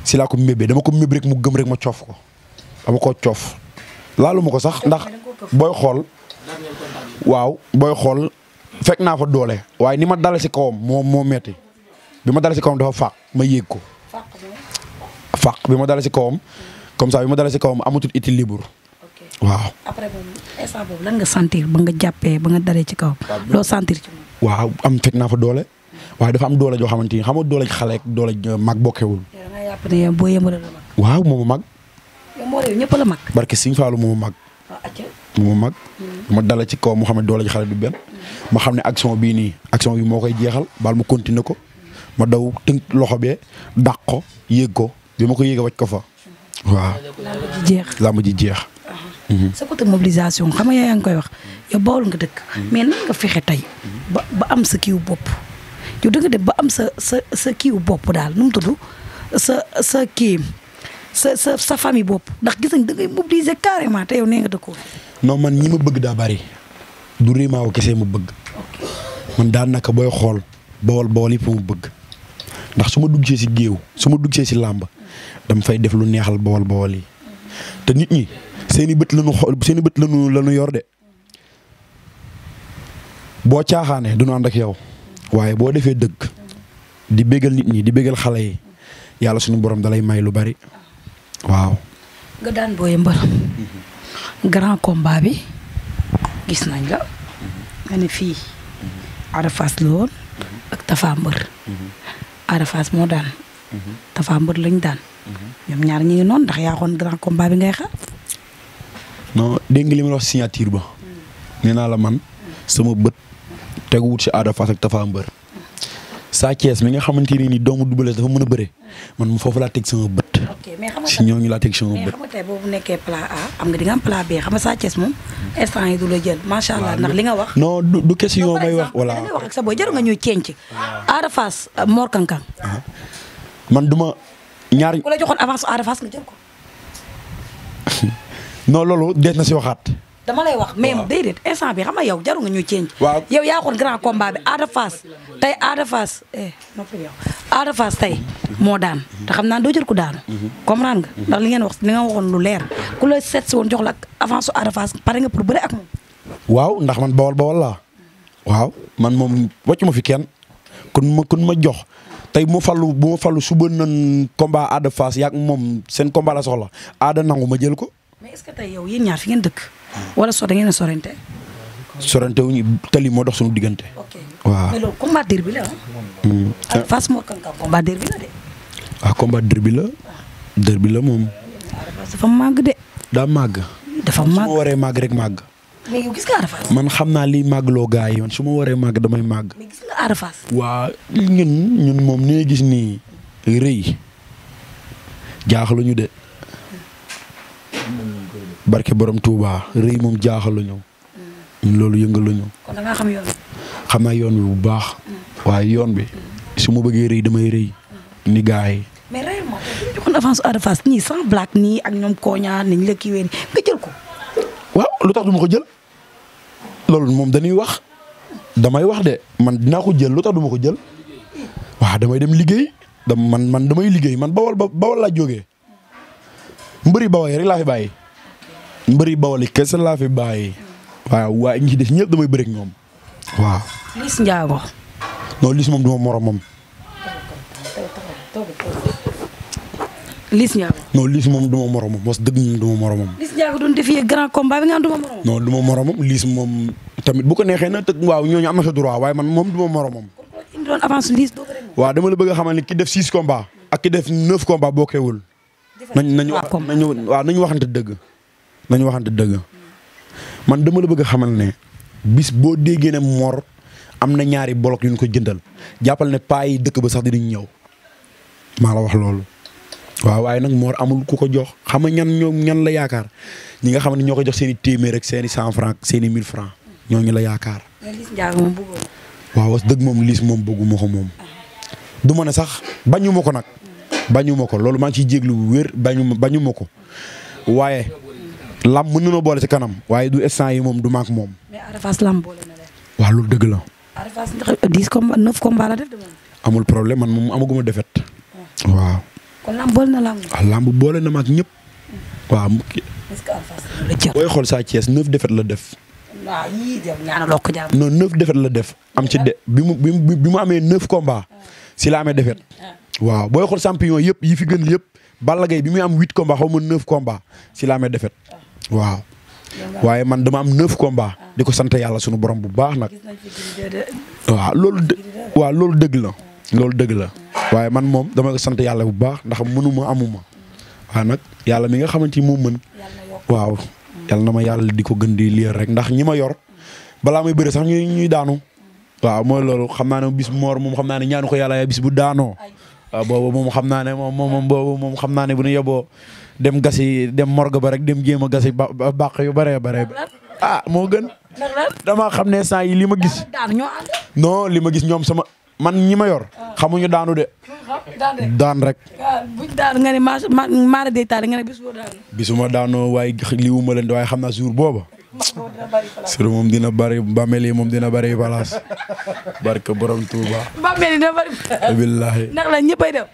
si laa ko mébee dama ko méb rek mu gëm rek ma coof ko dama koo coof laalu ma ko sax ndax booy xool waaw booy xool fekk naa fa doole waaye ni ma dala si kawam moo moo metti bi ma dala si kawam dafa fàq ma yéeg ko fàq bi ma dala si kawam comme sax bi ma dala si kawam amatul équilibre waaw après instant boobu lan nga sentir ba nga ci kaw loo sentir ci am fekk naa fa doole waaye dafa am doole joo xamante ni xam nga doole xale doole euh, mag bokkewul. da ngaa yàpp ne boo yëmbal la mag. waaw moom mag. ñëpp la mag. barke Sëñ Fallou moom mag. Ah, moom mag. Hmm. ma dala ci kaw mu xam doole ji xale du benn. Hmm. ma xam ne action bii nii action bi moo koy jeexal baal ma continuer ko. ma daw tënk loxo bee daq ko yéeg ko bi ma ko yéegee wacc ko fa. waaw làmb ji jeex mhm. sa côté mobilisation xam nga yaa ngi koy wax yow bawul nga dëkk. Hmm. mais nan nga fexe tey. ba ba am sa kiw bopp. yow da nga ba am sa sa sa kiiw bopp daal nu mu tudd sa sa kii sa sa sa famille bopp ndax gis nañ da ngay mobiliser carrément te yow nee nga dëkkoo. man ñi ma bëgg daa bari du Rimaaw kese ma bëgg. man daanaka booy xool bawol bawol yëpp ma bëgg ndax su ma duggsee si géew su ma duggsee si làmb dama fay def lu neexal bawol bawol yi te nit ñi seeni bët la ñu xool seen i bët la ñu la yor de boo caaxaanee du ñu ànd ak yow. waaye boo defee dëgg di béggal nit ñi di béggal xale yi yàlla suñu borom dalay may lu bari waaw. nga daan booyee mbër. grand combat bi gis nañ la. nga ne fii. Arafaas la woon ak Tafa Mbër. Arafaas moo daan. Tafa Mbër lañ daan. ñoom ñaar ñi ngi noon ndax yaa xoon grand combat bi ngay xaar. non dégg nga li ba. Mm. nee naa la man sama bët. teguwut si Ada Fass ak Tapha Mbeur Sa Thiès mi nga xamante ne ni doomu Double Less dafa mën a bëre man foofu laa teg sama bët. ok mais xam nga si ñooñu laa teg sama bët. mais xam nga tey boobu nekkee plan A am nga di Sa Thiès moom instant yi du la jël allah ndax li nga wax. non du du question may wax. voilà li nga wax ak sa boy jarul nga ñuy cenc. Ada Fass Mor man du ma ñaar. ku la joxoon avance Ada Fass nga jël ko. non loolu des na si waxaat. dama lay wax. mais déedéet instant bi xam nga yow jaru nga ñu ceeñ. waaw yow yaa xool grand combat bi Ada Fass tey Ada Fass eh, Ada Fass tey moo daan te xam naa doo jël ku daanu. Mhm. comprendre nga mhm. ndax li ngeen wax li nga waxoon lu leer ku la seet si woon jox la ak avance su Ada Fass pare nga pour bëre ak moom. waaw ndax man bawol bawol laa waaw man moom wàccu ma fi kenn kun ma jox tey bu fallu bu ma fallu suba nan combat Ada Fass yaak moom seen combat la soxla Ada nangu ma jël ko. mais est tey yow yéen ñaar fi ngeen dëkk. wala so da ngeen a sorante. sorante wu ñu tali moo dox suñu diggante. ok waaw mais loolu hmm. ah, la moom. dafa màgg de. daa màgg. dafa màgg ma waree màgg rek man xam naa liy màggloo gars yi man su ma waree màgg damay màgg. mais gis waa ñun ñun moom ni gis nii rëy jaaxluñu de. barke borom Touba rëy moom jaaxaluñu ñun loolu yëngal kon da ngaa xam yoon yoon bu baax. waaye yoon bi su ma bëggee rëy damay rëy. ni gars yi. mais réellement joxoon avance Ada Fass nii sans blague nii ak ñoom kooña nañ la kiiwee nga jël ko. waaw lu tax du ma ko jël loolu moom dañuy wax damay wax de man dinaa ko jël lu tax du ma ko jël waaw damay dem liggéey dam man man damay liggéey man bawal ba bawal laa jógee mbëri bawal rek laa fi bàyyi. mbëri bawal yi kese laa fi bàyyi. waaw waaye ñi ci des ñëpp damay bëri ñoom waaw. Liss Ndiago. non Liss moom du ma moromam. Liss moom du ma moromam parce que dëgg ñi du ma moromam. Liss Ndiago doon defee grand combat moom tamit bu ko neexee na tëgg waaw ñooñu am na droit waaye man moom du ma moromam. indi dama la bëgga a xamal ni ki def six combats. ak ki def neuf combats boo koy wul. nañu nañu waaw nañu waxante dëgg. nañu waxante dëgg man dama la bëgg a xamal ne bis boo déggee ne Mor am na ñaari bolok yu ko jëndal jàppal ne paa yi dëkk ba sax dinañ ñëw maa la wax loolu. waaw waaye nag Mor amul ku ko jox xam nga ñan ñoom ñan la yaakaar ñi nga xam ne ñoo ko jox seen téeméer ak seen i cent franc seen i mille franc ñooñu la yaakaar. waaw dëgg moom liis moom bëgguma ko moom. du ma ne sax bañuma ko nag. bañuma ko loolu maa ngi ciy jéglu wér bañu ma bañu ko waaye. lam mën ma boole ci kanam waaye du instant yi moom du maak moom. mais Ada na leen. waaw dëgg la. Ada Fass dix combats neuf combats la def problème man moom amaguma defet. waaw. kon lam boole na lam. Ah, waaw lam booy xool Sa Thiès neuf defet la def. waaw yii dem ñaanaloo defet la def. am ci de bi mu bi mu amee neuf combats. si la amee defet. waaw booy xool champion yëpp yi fi gën yëpp. Balla Gaye bi muy am huit combats xaw ma neuf combats si la amee defet. waaw waaye man dama am neuf combats di ko sant yàlla sunu borom bu baax nag waaw loolu loolu dëgg la loolu dëgg la waaye man moom dama ko sant yàlla bu baax ndax mënuma amuma waaw nag yàlla mi nga xamante ni moo mën waaw yàlla na ma yàlla di ko gën di lier rek ndax ñi ma yor balaa may bëri sax ñuy ñuy daanu waaw mooy loolu xam naa ne bis moor moom xam naa ne ñaanu ko yàlla bis bu daanoo waaw boobu moom xam naa ne moom moom boobu moom xam naa ne bu ñu yeboo dem gasi dem morgue ba rek dem jéem a gasi ba bàq yu bëree bare ah moo gën. damaa xam ne saa yi li ma gis. non li ma gis ñoom sama man ñi ma yor. Ah. xamuñu daanu de. daan rek. Ah, buñ daan nga ne ma ma nga ne bisu daanu. bisu ma daanoo waaye lii wu ma leen waaye xam naa jour booba. sur moom dina bëri bàmmeel yi moom dina bëri palaas barke borom Touba. bàmmeel yi dina bëri. billaahi. ndax la ñëppay dem.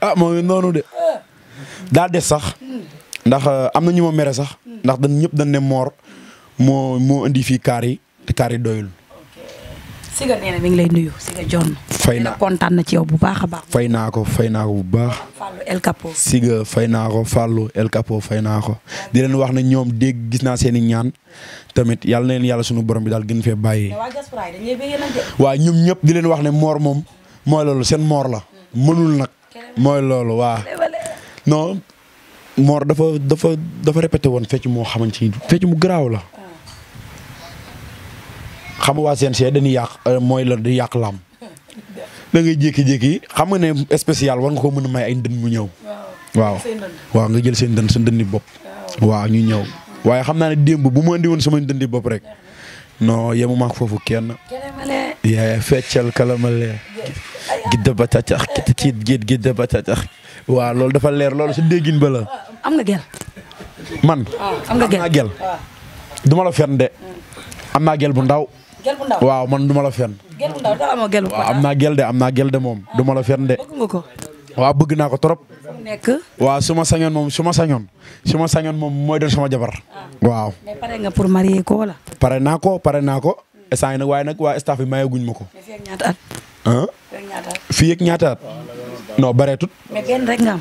ah moo ngi noonu de. Ah. daa des sax ndax euh, am na ñu ma mere sax ndax dañ ñëpp dañ ne moor moo moo indi fii kaar yi te kaar ngi lay nuyu fay naa kontaan na ci yow bu baax a baax. fay naa ko fay naa ko bu baax. Fallou El fay naa ko Fallou El naa ko. di leen wax ne ñoom dégg gis naa seen i ñaan tamit yàlla na yàlla sunu borom bi daal gën fee bàyyi. waaw ñëpp di leen wax ne moor moom mooy loolu seen moor la mënul nag. mooy loolu waa no moo dafa dafa dafa répété woon fecc moo xamante ni fecc mu garaaw la. xam nga waa CNG dañuy yàq euh, mooy la di yàq laam. da ngay jékki-jékki xam nga ne spécial war nga ko mën a may ay ndën mu ñëw. waaw waaw nga jël seen dën seen dëndi bopp. waaw ñu ñëw waaye xam naa ne démb bu ma andi sama dëndi bopp rek. no yemu maak foofu kenn. yee feccal kalamale. gidda batacax gidda ba gidda batacax. waaw loolu dafa leer lool si déggin ba am nga gel. man ah, am de. am naa gel bu ndaw. waaw man du ma la fen. waaw am naa gel de am naa gel de moom du ma de. Ah, bëgg waaw bëgg naa ko trop. nekk. waaw su ma moom su ma sañoon. su ma moom mooy de sama jabar. Ah. waaw. pare ko naa ko pare naa ko. instant yii nag waaye nag waa staff bi mayaguñ ma ko. fii ñaata at. fii ñaata at. non bareetut. mais benn rek nga am.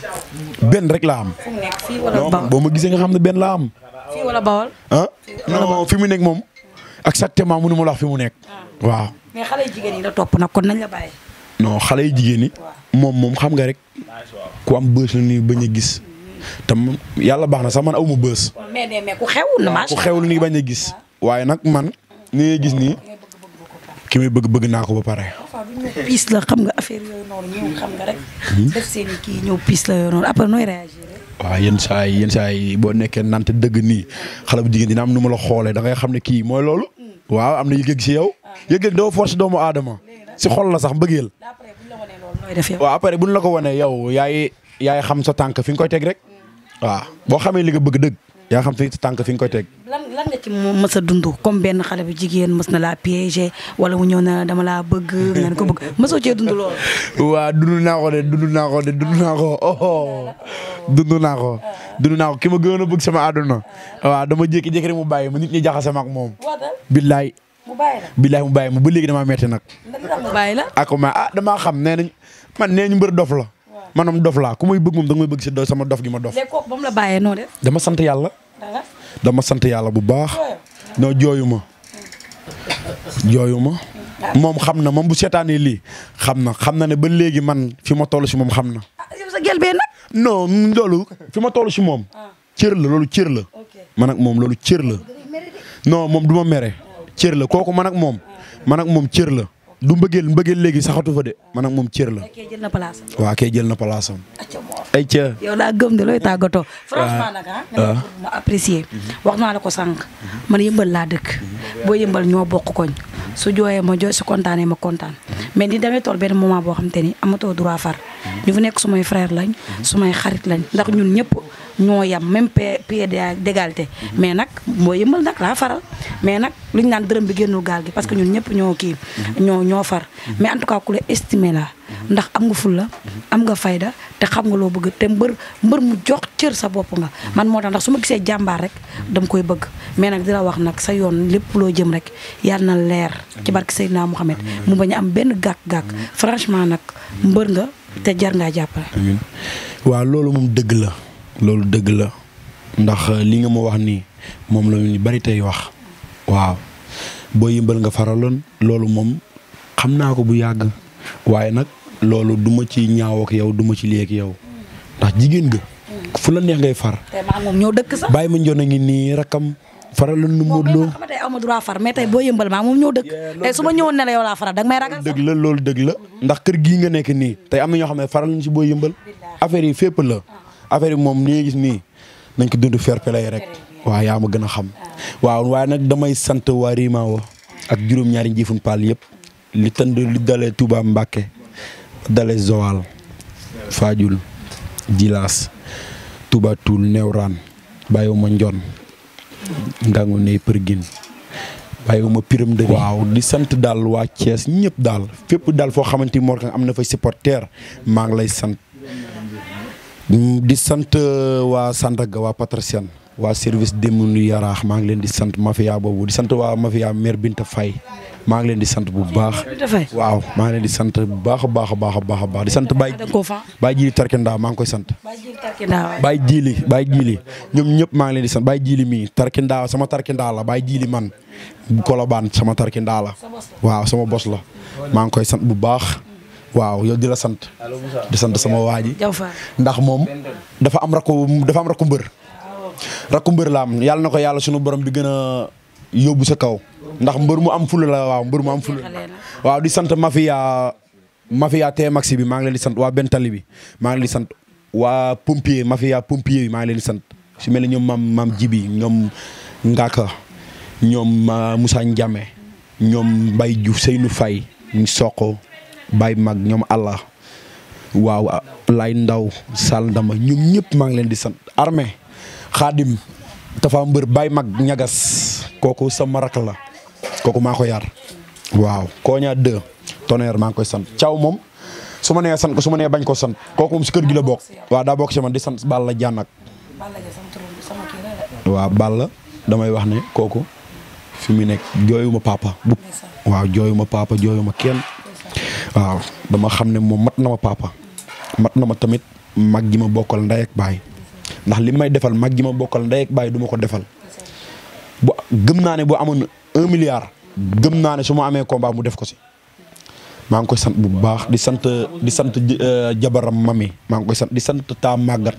benn laa am. boo ma gisee nga xam ne benn laa am. fii ah? fi mu nekk moom. exactement mënu ma la fi mu nekk. Ah. waaw. mais xale yi la topp nag kon xale yu jigéen yi. moom moom xam nga rek. ku am bës la nii bañ a gis. tam yàlla baax na sax man aw ma bës. mais ku xewul na. nii bañ a gis. Ah. waaye nag man. ni gis nii. ki may bëgg bëgg naa ko ba pare. piis la xam nga affaire yooyu noonu ñëw xam nga rek. Hmm? def yenn saa yi yenn saa boo nekkee nante dëgg nii xale bu jigéen dina am nu ma la xoolee da xam ne kii mooy loolu. Hmm. waaw am na yëg-yëg si yow. Ah. yëg-yëg doo force doomu aadama. si xool la sax mbëggeel. waaw après bu ñu la ko wanee yow yaay yaay xam sa tànk fi nga koy teg rek. Hmm. waaw boo xamee li nga bëgg dëgg yaa xam fi tànk fi nga koy teg. lan lan nga ci mës a dund comme benn xale bu jigéen mës na laa piégé wala mu ñëw na dama laa bëgg ngeen ko bëgg mësoo cee dund lool. waa dund naa ko de dund naa ko de naa ko ah. oh, oh dund ah. ki ma gënoon a bëgg sama àdduna ah. waaw dama jékki-jékki rek mu bàyyi ma nit ñi jaxase ma ak moom. billaay. mu bàyyi ma ba léegi damaa metti nag. bàyyi la. ak ma ah damaa xam nee man nee ñu mbër dof la. maanaam dof laa ku may bëgg moom da may bëgg si doy sama dof gi ma dof. léegi kooku ba mu la bàyyee dama sant yàlla. sant yàlla bu baax. non jooyu ma. jooyu moom xam na moom bu seetaanee lii xam na xam na ne ba léegi man fi ma toll si moom xam na. Ah, sa fi ma toll si moom. Ah. cër la loolu cër la. man moom loolu cër la. non moom du ma mere. cër la kooku man ak moom. Ah. man moom cër la. du mbëggeel mbëggeel léegi saxatu fa de man moom cër la. kay jël na place am. waaw kay jël na place am. ay daa gëm de looy tàggatoo. Ah. franchement nag ah. ma ah. apprécier. Mhm. wax naa la ko sànq. man yëmbal laa dëkk. Mhm. boo yëmbal ñoo bokk koñ. su jooyee ma jooy su kontaanee ma kontaan. Mhm. mais di demee tool benn moment boo xam te ni amatoo droit far. ñu fu nekk sumay frère lañ. sumay xarit lañ ndax ñun ñëpp. ñoo yam même pied d'égalité mhm. mais nag moo yëmbal nag laa faral mais nag lu ñu naan dërëm bi génnul gaal gi parce que ñun ñëpp ñoo kii mhm. ñoo ñoo far mhm. mais en tout cas ku estimé la ndax am nga la am nga fayda te xam nga loo bëgg te mbër mbër mu jox cër sa bopp nga man moo tax ndax su ma gisee jàmbaar rek dama koy bëgg mais nag di la wax nag sa yoon lépp loo jëm rek yàlla na leer ci barke Seydina Mouhamed mu bañ a am benn gàkk-gàkk franchement nag mbër nga te jar ngaa jàppale waaw loolu dëgg la loolu dëgg la ndax euh, li nga ma wax nii moom la ñu bari tey wax waaw boo yëmbal nga faraloon loolu moom xam naa ko bu yàgg waaye nag loolu du ma ci ñaaw ak yow du ma ci léegi yow ndax jigéen nga fu la neex ngay far. ñoo dëkk sax bàyyi ma njoon a ngi nii rakkam faraloon nu mu. loo xam tey amu droit far mais tey boo yëmbal maa moom ñoo dëkk. tey su ma ñëwoon ne la yow laa faral danga may ragal. dëgg la loolu dëgg la ndax kër gii nga nekk nii tey am na ñoo xam ne faral nañ si boo yëmbal affaire yi fépp la. Ah. affaire bi moom li gis nii nañ ko dund fair play rek waaw yaa ma gën a xam waaw waaye nag damay sant waa Rimao ak juróom-ñaari njiifun paal yëpp li tënd li dalee Touba Mbacké dalee Joal Fadiouth Djilass Touba Toul Néewraan bàyyiwuma Njoon ngangu ne përgin bàyyiwuma piram dëgg waaw di sant daal waa Thiès ñëpp daal fépp daal foo xamante ni Mor am na fa supporter maa ngi lay sant di sant euh, waa Sandaga waa Patriciane waa service démonu yaraax maa ngi leen di sant mafia boobu di sant waa mafia mère Binta fay maa ngi leen di sant bu baax waaw maa ngi leen di sant bu baax a baax a baax a baax a baax di sant Baye Baye Jili ndaa maa ngi koy sant Baye jiili Baye Jili ñoom ñëpp maa ngi leen di sant Baye Jili mii Tarkinda sama Tarkinda la baay jiili man Kolobaan sama Tarkinda la waaw sama bos la maa ngi koy sant bu baax waaw yow di la sant. di sant sama waa ji. ndax moom dafa am rakku dafa am rakku mbër. rakku mbër la am yàlla na ko yàlla sunu borom bi gën a yóbbu sa kaw. ndax mbër mu am fula la waaw mu am fula waaw di sant mafiya mafia TMAX bi maa ngi leen di sant waa benn tali bi maa ngi leen di sant waa pompier mafia pompier bi maa ngi leen di sant su mel ne ñoom maam maam Jibi ñoom Ngaka ñoom ah, Moussa Ndiame ñoom mbay Diouf Seynou Faye ñu Baye Mag ñoom Allah waaw lay ndaw Sall Ndama ñoom ñëpp maa ngi leen di sant arme xaadim dafa mbër Baye Mag ñagas kooku sama rak la kooku maa ko yar waaw koña deux tonnerre maa ngi koy sant Thiaw moom su ma nee sant su ma nee bañ koo sant kooku moom si kër gi la bokk waa daa bokk si man di sant Balla Diagne ak waaw Balla damay wax ne kooku fi mu nekk jooyuma papa bu waaw jooyuma papa jooyuma kenn waaw dama xam ne moom mat na ma papa mat na ma tamit mag gi ma bokkal ndey ak ndax li may defal mag gi ma bokkal ndey ak duma ko defal bu gëm naa ne bu amoon un milliard gëm naa ne su ma amee combat mu def ko si maa ngi koy sant bu baax di sant di sant euh, jabaram mami maa ngi koy sant di sant taa màggat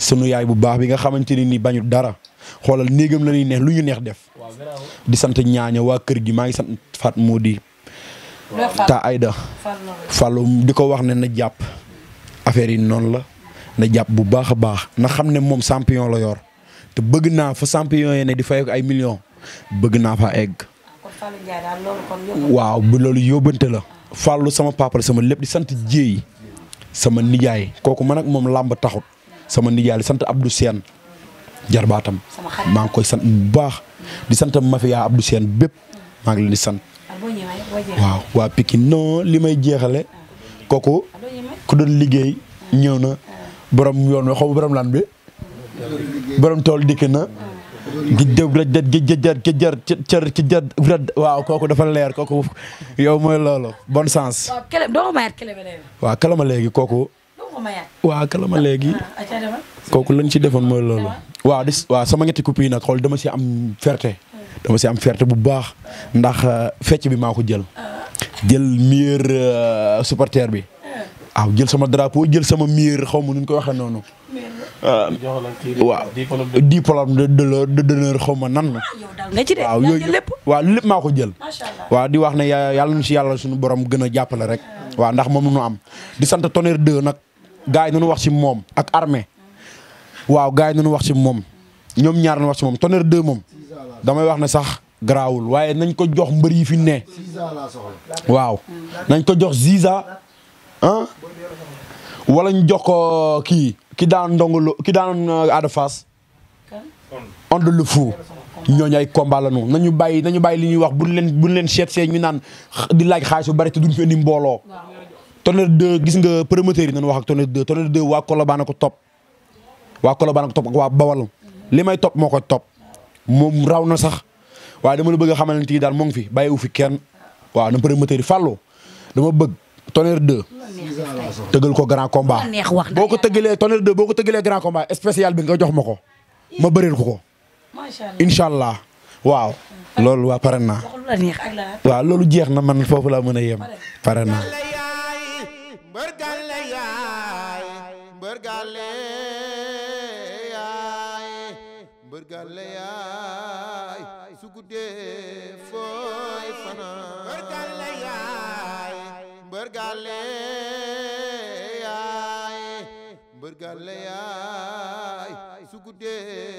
sunu yaay bu baax bi nga xamante ne nii bañu dara xoolal néegam la ñuy neex lu ñu neex def di sant ñaaña waa kër gi maa ngi sant Fat moo di ta Aida Fallou di ko wax ne na jàpp affaire yi noonu la na jàpp bu baax a baax na xam ne moom champion la yor te bëgg naa fa champion yi ne di fay ay millions bëgg naa fa egg. waaw bu loolu yóbbante la. Fallou sama papa sama lépp di sant jéey sama nijaay kooku mën ak moom làmb taxut sama nijaay di sant Abdou Sène jarbaatam maa ngi koy sant bu baax di sant mafia Abdou Sène bépp maa ngi leen di sant. waaw waa Pikine non li may jeexale kooku ku doon liggéey ñëw na borom yoon wi xaw ma borom lan bi borom tool dikk na gi dëg raj dat gi jëjar ki jar cër ci jar rad waaw kooku dafa leer kooku yow mooy loolu bon sens waaw kalama léegi kooku waaw kalama léegi ah, ah, kooku lañ ci defoon mooy loolu waaw dis waaw sama ñetti coupe yi nag xool dama si am fierté dama si am fierté bu baax ndax euh, fecc bi maa ko jël jël meilleur supporter bi waaw jël sama drapeau jël sama meilleur xaw ma nu ñu ko waxee noonu. waaw diplôme de de xaw ma nan la. Ah, waaw yooyu waaw lépp maa ko jël. waaw di wax ne yàlla nu si yàlla suñu borom gën a jàppale rek. waaw ndax moom nu am di sant Tonnerre 2 nag gaa yi nañu wax si moom ak armée waaw gaa yi nañu wax si moom ñoom ñaar nañu wax si moom Tonnerre 2 moom. damay wax na sax garaawul waaye nañ ko jox mbër yi fi ne waaw nañ ko jox Ziza ah wala ñu jox ko kii ki daan ndongolo ki daan euh, Ada Fass onde le fou ñooñu ay combat la nañu bàyyi nañu bàyyi li ñuy wax buñ leen buñ leen seet see ñu naan di laaj xaalis bu bari te duñ fi indi mbooloo Tonnerre 2 gis nga promoteur yi nañu wax ak Tonnerre 2 Tonnerre 2 waa Colobane baana topp waa Colobane ko topp waa Bawal mm-hmm. li may moo ko topp moom raw na sax waaye dama la bëgg a xamal ne kii daal moo ngi fi bàyyiwu fi kenn waaw na promoteur yi Fallou dama bëgg Tonnerre 2 tëgal ko grand combat boo ko tëgalee Tonnerre 2 boo ko tëgalee grand combat spécial bi nga jox ma ko ma bëreel ko ko incha allah waaw loolu waa pare naa waaw loolu jeex na man foofu la mën a yem pare naa mbër gàlle yaay su guddee fooy fanaan mbër gàlle yaay mbër gàlle yaay mbër gàlle yaay su guddee